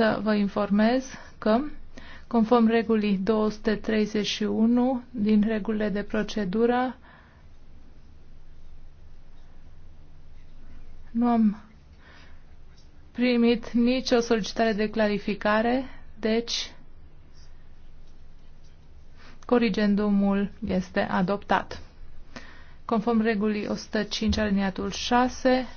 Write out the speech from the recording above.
să vă informez că, conform regulii 231 din regulile de procedură, nu am primit nicio solicitare de clarificare, deci corigendumul este adoptat. Conform regulii 105 aliniatul 6,